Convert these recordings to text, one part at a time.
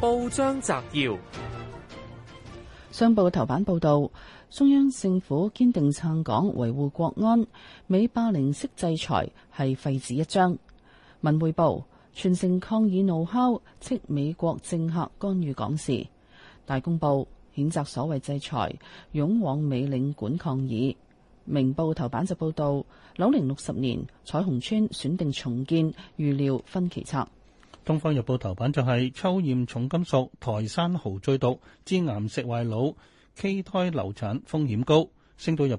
報章摘要：商報頭版報道，中央政府堅定撐港，維護國安。美霸凌式制裁係廢紙一張。文匯報全城抗議怒敲，斥美國政客干預港事。大公報譴責所謂制裁，勇往美領館抗議。明報頭版就報道，樓齡六十年彩虹村選定重建，預料分期拆。《東方日報》頭版就係抽驗重金屬，台山蠔最毒，致癌食壞腦，畸胎流產風險高。《星島日報》，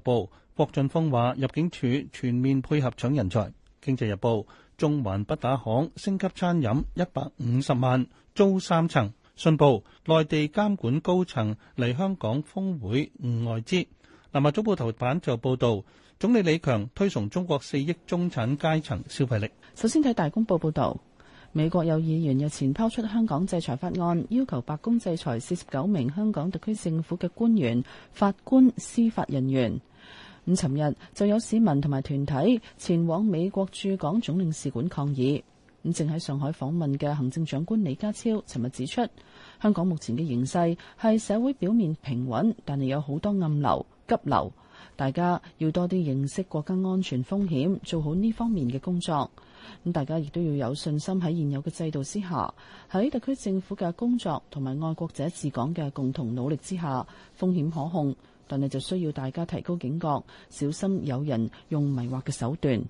郭俊峰話入境處全面配合搶人才。《經濟日報》，中環不打行，升級餐飲一百五十萬租三層。信報，內地監管高層嚟香港峯會晤外資。《南華早報》頭版就報導總理李強推崇中國四億中產階層消費力。首先睇大公報報導。美國有議員日前拋出香港制裁法案，要求白宮制裁四十九名香港特區政府嘅官員、法官、司法人員。咁，尋日就有市民同埋團體前往美國駐港總領事館抗議。咁，正喺上海訪問嘅行政長官李家超，尋日指出，香港目前嘅形勢係社會表面平穩，但係有好多暗流、急流，大家要多啲認識國家安全風險，做好呢方面嘅工作。咁大家亦都要有信心喺現有嘅制度之下，喺特區政府嘅工作同埋愛國者治港嘅共同努力之下，風險可控，但係就需要大家提高警覺，小心有人用迷惑嘅手段。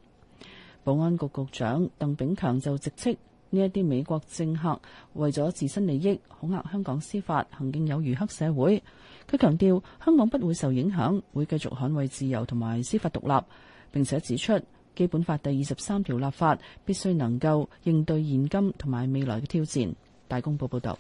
保安局局長鄧炳強就直斥，呢一啲美國政客為咗自身利益恐嚇香港司法，行徑有如黑社會。佢強調香港不會受影響，會繼續捍衛自由同埋司法獨立，並且指出，基本法第二十三條立法必須能夠應對現今同埋未來嘅挑戰。大公報報導，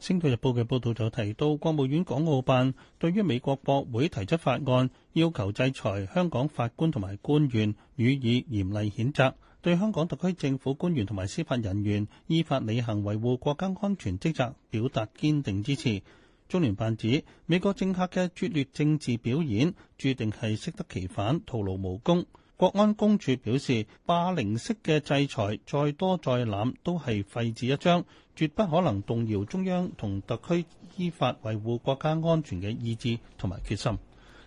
《星島日報》嘅報導就提到，國務院港澳辦對於美國國會提出法案，要求制裁香港法官同埋官員，予以嚴厲譴責，對香港特區政府官員同埋司法人員依法履行維護國家安全職責，表達堅定支持。中聯辦指，美國政客嘅拙劣政治表演，注定係適得其反，徒勞無功。國安公署表示，霸凌式嘅制裁再多再濫都係廢紙一張，絕不可能動搖中央同特區依法維護國家安全嘅意志同埋決心。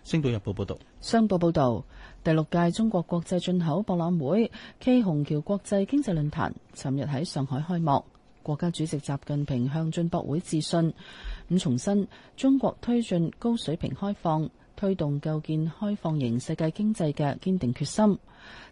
星島日報報道，商報報道，第六屆中國國際進口博覽會暨虹橋國際經濟論壇，尋日喺上海開幕。國家主席習近平向進博會致信，咁重申中國推進高水平開放。推動構建開放型世界經濟嘅堅定決心。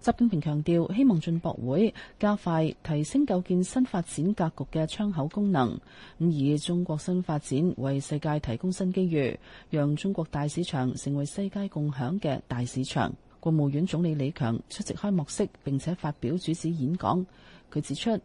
習近平強調，希望進博會加快提升構建新發展格局嘅窗口功能，咁以中國新發展為世界提供新機遇，讓中國大市場成為世界共享嘅大市場。國務院總理李強出席開幕式，並且發表主旨演講。佢指出，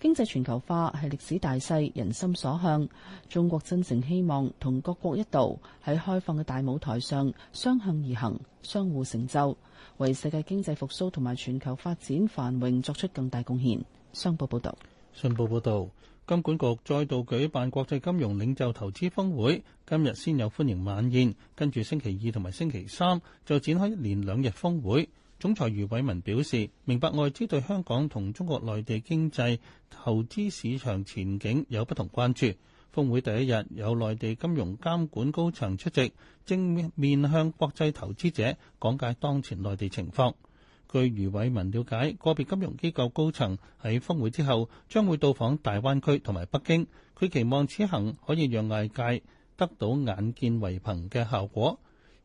經濟全球化係歷史大勢，人心所向。中國真正希望同各國一道喺開放嘅大舞台上相向而行，相互成就，為世界經濟復甦同埋全球發展繁榮作出更大貢獻。商報報道：「信報報道」金管局再度舉辦國際金融領袖投資峰會，今日先有歡迎晚宴，跟住星期二同埋星期三就展開一連兩日峰會。總裁余偉文表示，明白外資對香港同中國內地經濟投資市場前景有不同關注。峰會第一日有內地金融監管高層出席，正面向國際投資者講解當前內地情況。據余偉文了解，個別金融機構高層喺峰會之後將會到訪大灣區同埋北京。佢期望此行可以讓外界得到眼見為憑嘅效果。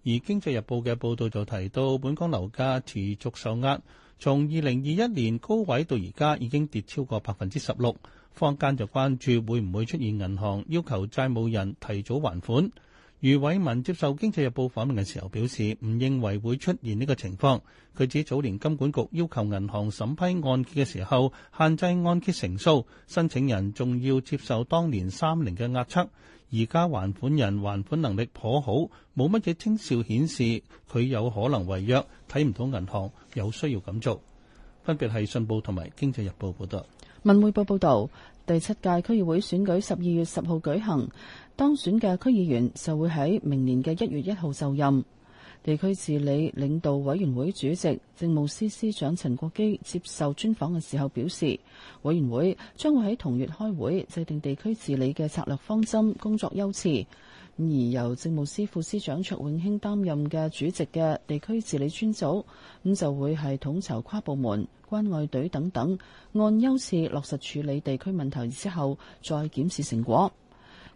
而《經濟日報》嘅報道就提到，本港樓價持續受壓，從二零二一年高位到而家已經跌超過百分之十六。坊間就關注會唔會出現銀行要求債務人提早還款。余偉文接受《經濟日報》訪問嘅時候表示，唔認為會出現呢個情況。佢指早年金管局要求銀行審批按揭嘅時候，限制按揭成數，申請人仲要接受當年三年嘅壓測。而家還款人還款能力頗好，冇乜嘢徵兆顯示佢有可能違約，睇唔到銀行有需要咁做。分別係《信報》同埋《經濟日報》報道。《文匯報》報道，第七屆區議會選舉十二月十號舉行。當選嘅區議員就會喺明年嘅一月一號就任。地區治理領導委員會主席、政務司司長陳國基接受專訪嘅時候表示，委員會將會喺同月開會制定地區治理嘅策略方針，工作優次。而由政務司副司長卓永興擔任嘅主席嘅地區治理專組，咁就會係統籌跨部門、關愛隊等等，按優次落實處理地區問題之後，再檢視成果。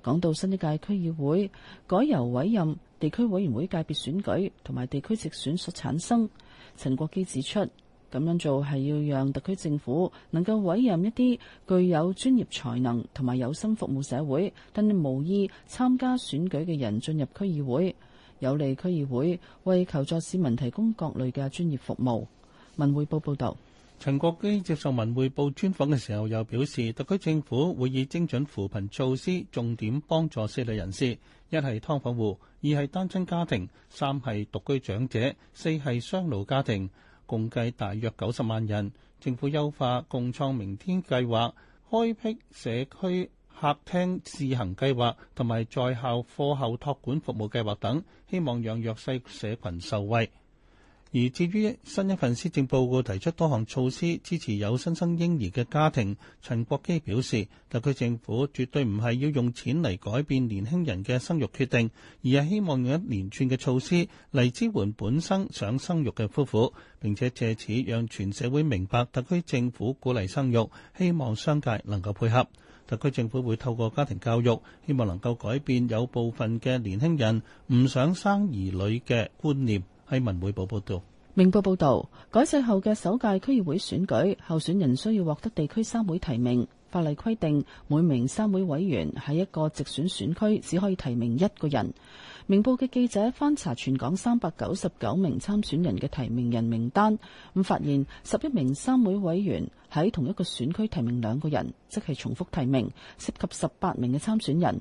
講到新一屆區議會改由委任地區委員會界別選舉同埋地區直選所產生，陳國基指出，咁樣做係要讓特區政府能夠委任一啲具有專業才能同埋有心服務社會，但無意參加選舉嘅人進入區議會，有利區議會為求助市民提供各類嘅專業服務。文匯報報道。陳國基接受文匯報專訪嘅時候，又表示，特區政府會以精準扶貧措施，重點幫助四類人士：一係劏房戶，二係單親家庭，三係獨居長者，四係雙老家庭，共計大約九十萬人。政府優化共創明天計劃，開闢社區客廳試行計劃同埋在校課後託管服務計劃等，希望讓弱勢社群受惠。而至於新一份施政報告提出多項措施支持有新生嬰兒嘅家庭，陳國基表示，特區政府絕對唔係要用錢嚟改變年輕人嘅生育決定，而係希望用一連串嘅措施嚟支援本身想生育嘅夫婦，並且借此讓全社會明白特區政府鼓勵生育，希望商界能夠配合。特區政府會透過家庭教育，希望能夠改變有部分嘅年輕人唔想生兒女嘅觀念。喺文匯報報道，明報報道，改制後嘅首屆區議會選舉，候選人需要獲得地區三會提名。法例規定，每名三會委員喺一個直選選區只可以提名一個人。明報嘅記者翻查全港三百九十九名參選人嘅提名人名單，咁發現十一名三會委員喺同一個選區提名兩個人，即係重複提名，涉及十八名嘅參選人。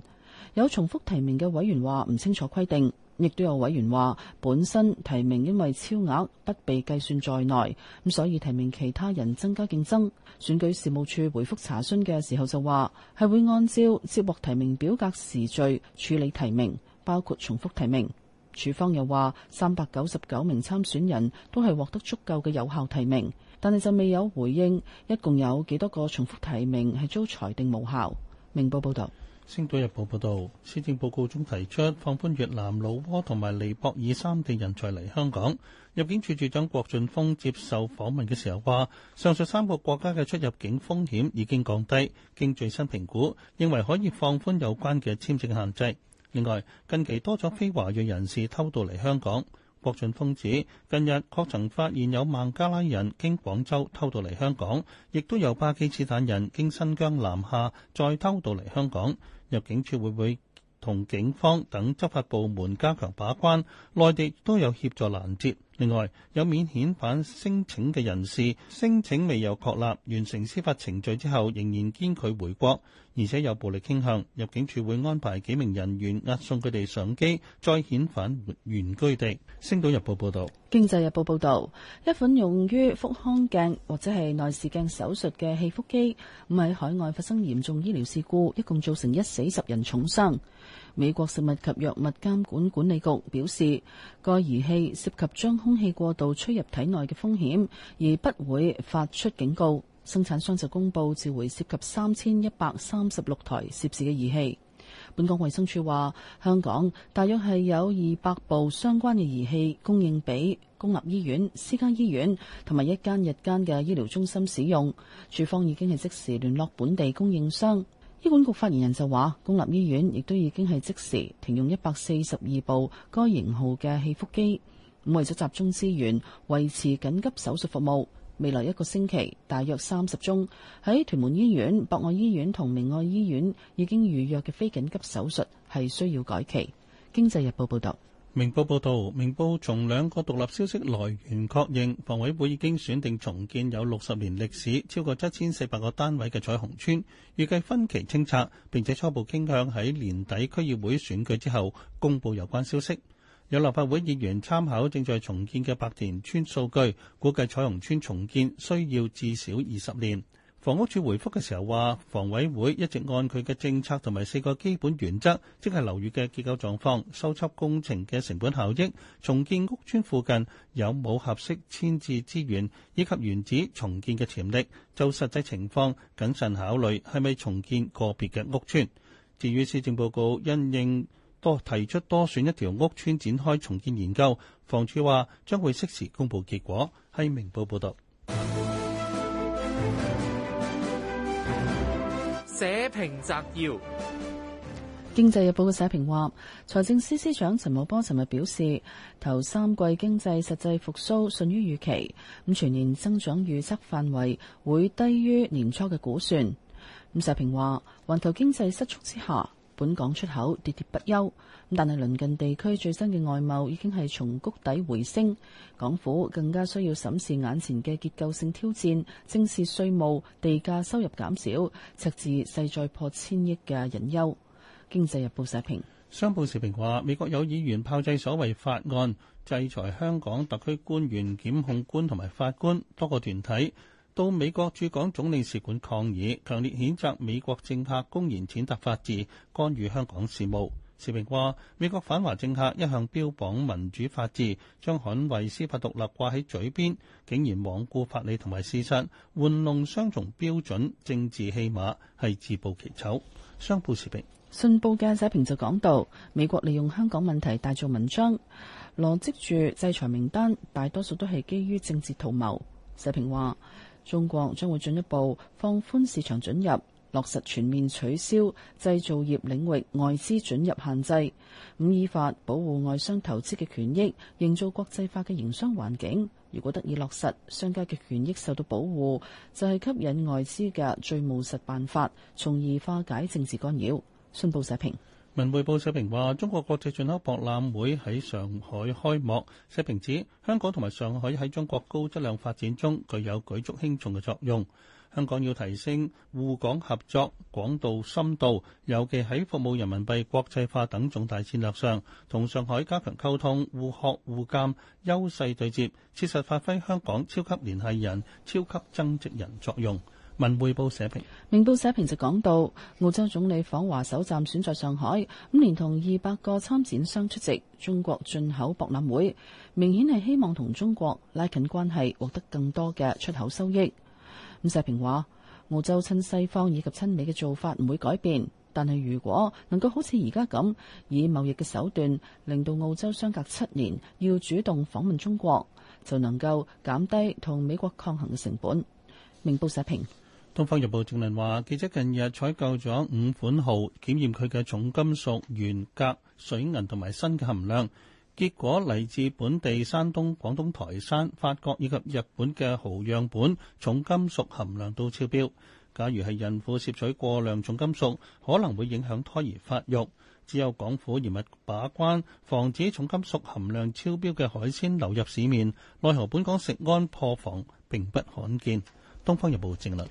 有重複提名嘅委員話唔清楚規定。亦都有委員話，本身提名因為超額不被計算在內，咁所以提名其他人增加競爭。選舉事務處回覆查詢嘅時候就話，係會按照接獲提名表格時序處理提名，包括重複提名。處方又話，三百九十九名參選人都係獲得足夠嘅有效提名，但係就未有回應，一共有幾多個重複提名係遭裁定無效。明報報道。星島日報報導，施政報告中提出放寬越南、老撾同埋尼泊爾三地人才嚟香港。入境處處長郭俊峰接受訪問嘅時候話，上述三個國家嘅出入境風險已經降低，經最新評估，認為可以放寬有關嘅簽證限制。另外，近期多咗非華裔人士偷渡嚟香港。郭俊峰指，近日確曾發現有孟加拉人經廣州偷渡嚟香港，亦都有巴基斯坦人經新疆南下再偷渡嚟香港。入境處會會同警方等執法部門加強把關，內地亦都有協助攔截。另外，有免遣返申請嘅人士，申請未有確立，完成司法程序之後，仍然堅拒回國，而且有暴力傾向，入境處會安排幾名人員押送佢哋上機，再遣返原居地。星島日報報道：經濟日報報道，一款用於腹腔鏡或者係內視鏡手術嘅氣腹機，喺海外發生嚴重醫療事故，一共造成一死十人重傷。美國食物及藥物監管管理局表示，該儀器涉及將空氣過度吹入體內嘅風險，而不會發出警告。生產商就公佈召回涉及三千一百三十六台涉事嘅儀器。本港衛生署話，香港大約係有二百部相關嘅儀器供應俾公立醫院、私家醫院同埋一間日間嘅醫療中心使用，署方已經係即時聯絡本地供應商。醫管局發言人就話，公立醫院亦都已經係即時停用一百四十二部該型號嘅氣腹機，為咗集中資源維持緊急手術服務。未來一個星期，大約三十宗，喺屯門醫院、博愛醫院同明愛醫院已經預約嘅非緊急手術係需要改期。經濟日報報道。明報報道，明報從兩個獨立消息來源確認，房委會已經選定重建有六十年歷史、超過七千四百個單位嘅彩虹村，預計分期清拆，並且初步傾向喺年底區議會選舉之後公佈有關消息。有立法會議員參考正在重建嘅白田村數據，估計彩虹村重建需要至少二十年。房屋署回覆嘅時候話，房委會一直按佢嘅政策同埋四個基本原則，即係樓宇嘅結構狀況、修葺工程嘅成本效益、重建屋邨附近有冇合適遷置資源以及原址重建嘅潛力，就實際情況謹慎考慮係咪重建個別嘅屋邨。至於施政報告因應多提出多選一條屋邨展開重建研究，房署話將會適時公佈結果。係明報報道。社評摘要：經濟日報嘅社評話，財政司司長陳茂波尋日表示，頭三季經濟實際復甦遜於預期，咁全年增長預測範圍會低於年初嘅估算。咁社評話，環球經濟失速之下，本港出口跌跌不休，但係鄰近地區最新嘅外貿已經係從谷底回升，港府更加需要審視眼前嘅結構性挑戰，正視稅務、地價收入減少，赤字勢在破千億嘅隱憂。經濟日報社評，商報社評話，美國有議員炮製所謂法案制裁香港特區官員、檢控官同埋法官多個團體到美國駐港總領事館抗議，強烈譴責美國政客公然踐踏法治、干預香港事務。社評話：美國反華政客一向標榜民主法治，將捍衛司法獨立掛喺嘴邊，竟然罔顧法理同埋事實，玩弄雙重標準、政治戲碼，係自暴其醜。商報社評，信報嘅社評就講到：美國利用香港問題大做文章，羅織住制裁名單，大多數都係基於政治圖謀。社評話。中國將會進一步放寬市場准入，落實全面取消製造業領域外資准入限制。五、依法保護外商投資嘅權益，營造國際化嘅營商環境。如果得以落實，商家嘅權益受到保護，就係、是、吸引外資嘅最務實辦法，從而化解政治干擾。信報社評。文匯報社評話，中國國際進口博覽會喺上海開幕。社評指，香港同埋上海喺中國高質量發展中具有舉足輕重嘅作用。香港要提升滬港合作廣度深度，尤其喺服務人民幣國際化等重大戰略上，同上海加強溝通、互學互鑒、優勢對接，切實發揮香港超級聯繫人、超級增值人作用。文匯報社評。明報社評就講到澳洲總理訪華首站選在上海，連同二百個參展商出席中國進口博覽會，明顯係希望同中國拉近關係，獲得更多嘅出口收益。咁社評話，澳洲親西方以及親美嘅做法唔會改變，但係如果能夠好似而家咁，以貿易嘅手段令到澳洲相隔七年要主動訪問中國，就能夠減低同美國抗衡嘅成本。明報社評。《東方日報》正論話：記者近日採購咗五款蠔，檢驗佢嘅重金屬、鉛、鎘、水銀同埋砷嘅含量。結果嚟自本地、山東、廣東、台山、法國以及日本嘅蠔樣本，重金屬含量都超標。假如係孕婦攝取過量重金屬，可能會影響胎兒發育。只有港府嚴密把關，防止重金屬含量超標嘅海鮮流入市面。奈何本港食安破防並不罕見，《東方日報》正論。